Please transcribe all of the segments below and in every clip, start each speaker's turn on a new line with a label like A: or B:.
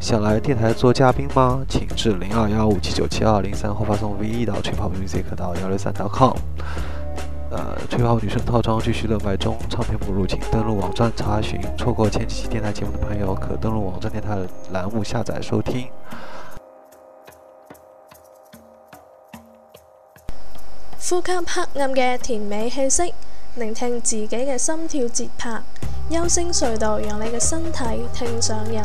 A: 想來電台做嘉賓嗎？請致零二幺五七九七二零三，或發送 V 一到吹泡 music 到幺六三 .com。呃，吹泡女生套裝繼續熱賣中，唱片的目錄請登錄網站查詢。錯過前幾期電台節目的朋友，可登錄網站電台欄目下載收聽。
B: 呼吸黑暗嘅甜美氣息，聆聽自己嘅心跳節拍，幽聲隧道讓你嘅身體聽上癮。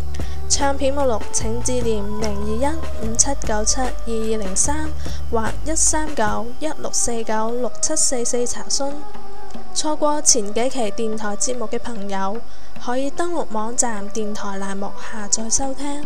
B: 唱片目錄，請致電零二一五七九七二二零三或一三九一六四九六七四四查詢。錯過前幾期電台節目嘅朋友，可以登錄網站電台欄目下載收聽。